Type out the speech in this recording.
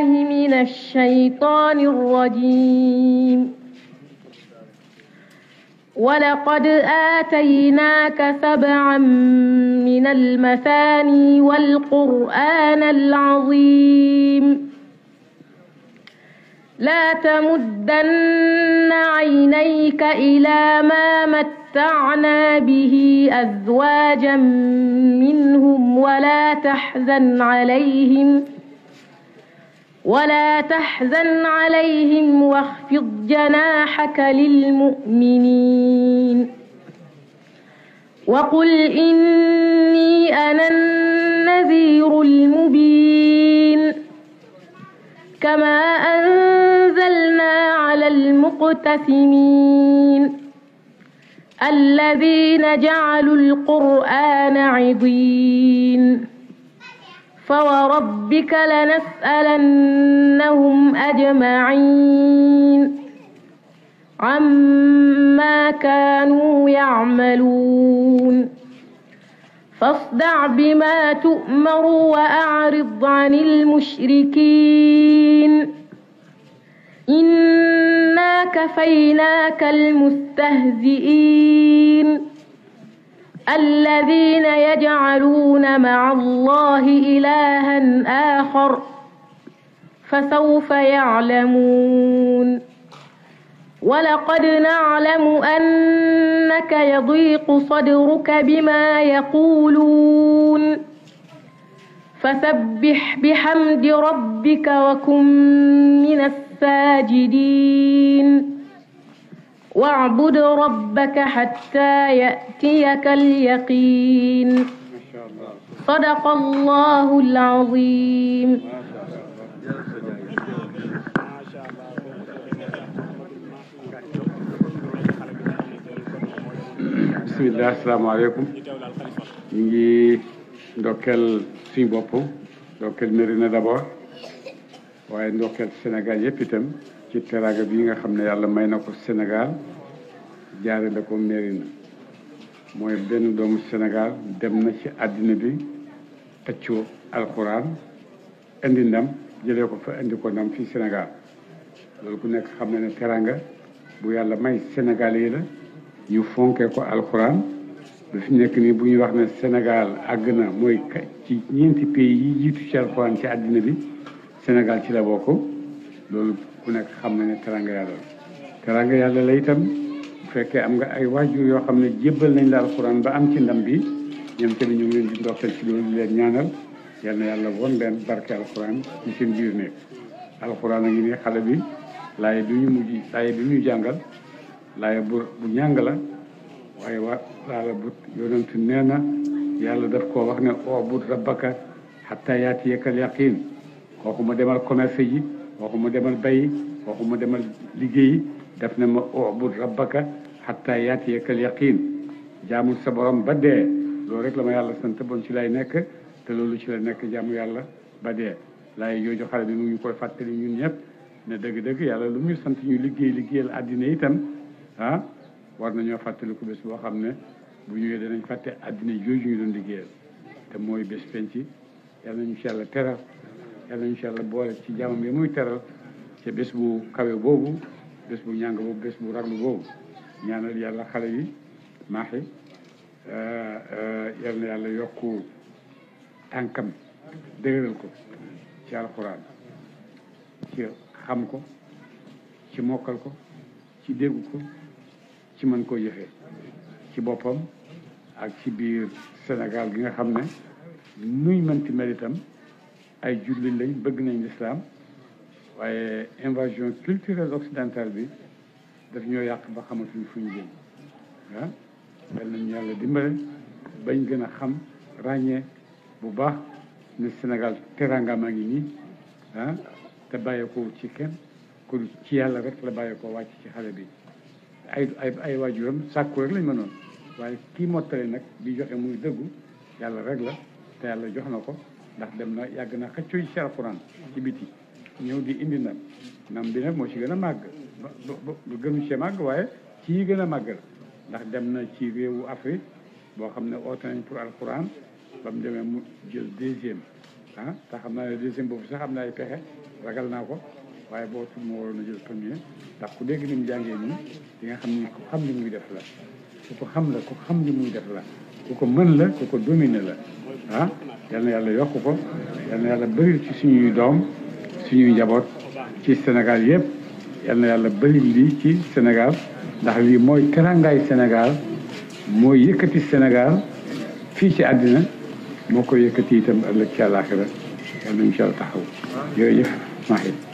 بالله من الشيطان الرجيم ولقد آتيناك سبعا من المثاني والقرآن العظيم لا تمدن عينيك إلى ما متعنا به أزواجا منهم ولا تحزن عليهم ۖ ولا تحزن عليهم واخفض جناحك للمؤمنين وقل إني أنا النذير المبين كما أنزلنا على المقتسمين الذين جعلوا القرآن عظيم فوربك لنسألنهم أجمعين عما كانوا يعملون فاصدع بما تؤمر وأعرض عن المشركين إنا كفيناك المستهزئين الذين يجعلون مع الله إلها آخر فسوف يعلمون ولقد نعلم أنك يضيق صدرك بما يقولون فسبح بحمد ربك وكن من الساجدين واعبد ربك حتى يأتيك اليقين صدق الله العظيم بسم الله السلام عليكم نجي دوكل سيبوبو دوكل مرينا دابور واي دوكل سنغال يبيتم ci teraanga bi nga xam ne yàlla may na ko Sénégal jaare la ko Mérina mooy benn doomu Sénégal dem na ci àddina bi tëccoo alxuraan indi ndam jëlee ko fa indi ko ndam fii Sénégal loolu ku nekk xam na ne teraanga bu yàlla may Sénégal yi la ñu fonkee ko alxuraan lu fi nekk nii bu ñuy wax ne Sénégal àgg na mooy ci ñeenti pays yi jiitu ci alxuraan ci àddina bi Sénégal ci la bokk loolu ku nekk xam na ne teranga yàlla teranga yàlla la itam bu fekkee am nga ay waajur yoo xam ne jébbal nañ la alxuraan ba am ci ndam bi ñoom tamit ñu ngi leen di ndoxtal ci loolu di leen ñaanal yal na yàlla won leen barke alxuraan ci seen biir nekk alxuraan xale bi laaye bi ñu mujj bi ñu jàngal laaye bu bu ñàng la waaye wa laala bu yonent nee yàlla daf koo wax ne o but rabbaka xatta yaatiyakal yaqiin kooku ma demal commerce ji waxuma demal bayi waxuma demal liggéeyi def ne ma ubud rabbaka hatta yaatiyakal yaqin jaamul sa borom ba dee loolu rek la yàlla sant bon ci lay nekk te loolu ci la nekk jaamu yàlla ba dee laay jooju xale bi mu ngi koy fàttali ñun ñëpp ne dëgg-dëgg yàlla lu muy sant ñu liggéey liggéeyal àddina itam ah war nañoo fàttaliku bés boo xam ne bu ñëwee danañ fàtte àddina jooju ñu doon liggéeya te mooy bés penc yàlla nañu ci yàlla teral yàlla incha allah boole ci jaamam yi muy teral te bés bu kawe boobu bés bu ñàng boobu bés bu raglu boobu ñaanal yàlla xale yi maaxi euh, euh, yal na yàlla yokku tànkam dëgëral ko ci alxuraan ci xam ko ci mokkal ko ci déggu ko ci mën koo jëfee ci boppam ak ci biir Sénégal gi nga xam ne nuy mënti mel itam ay jullit lañ bëgg nañ lislaam waaye invasion culturel occidentale bi daf ñoo yàq ba xamatuñ fu ñu jëm ah yal yàlla dimbale bañ gën a xam ràññee bu baax ne Sénégal teranga maa ngi nii ah, te bàyyeekoo ci kenn ku ci yàlla rek la bàyyeekoo wàcc ci xale bi ay ay ay waajuram sàkku rek lañ mënoon waaye kii moo mottale nag di joxe muy dëggu yàlla rek la te yàlla jox na ko ndax dem na yàgg na xëccuy ci alxuraan ci biti ñëw di indi nag nam bi nag moo ci gën a màgg ba ba gënu ci màgg waaye ci yi gën a màgg la ndax dem na ci réewu Afrique boo xam ne oote nañ pour alxuraan ba mu demee mu jël deuxième ah te xam naa ne deuxième boobu sax am na ay pexe ragal naa ko waaye boo tudd moo waroon a jël premier ndax ku dégg ni mu jàngee nii di nga xam ni ku xam li muy def la ku ko xam la ku xam li muy def la. ku ko mën la ku ko dominer la ah yal na yàlla yokk ko yal na yàlla bëri ci suñuy doom suñuy njaboot ci Sénégal yëpp yal na yàlla bëri lii ci Sénégal ndax lii mooy karangaay Sénégal mooy yëkkati Sénégal fii ci àddina moo ko yëkkati itam ëllëg ci àllaaxira yal nañu ci yàlla taxaw yooyu yëpp maa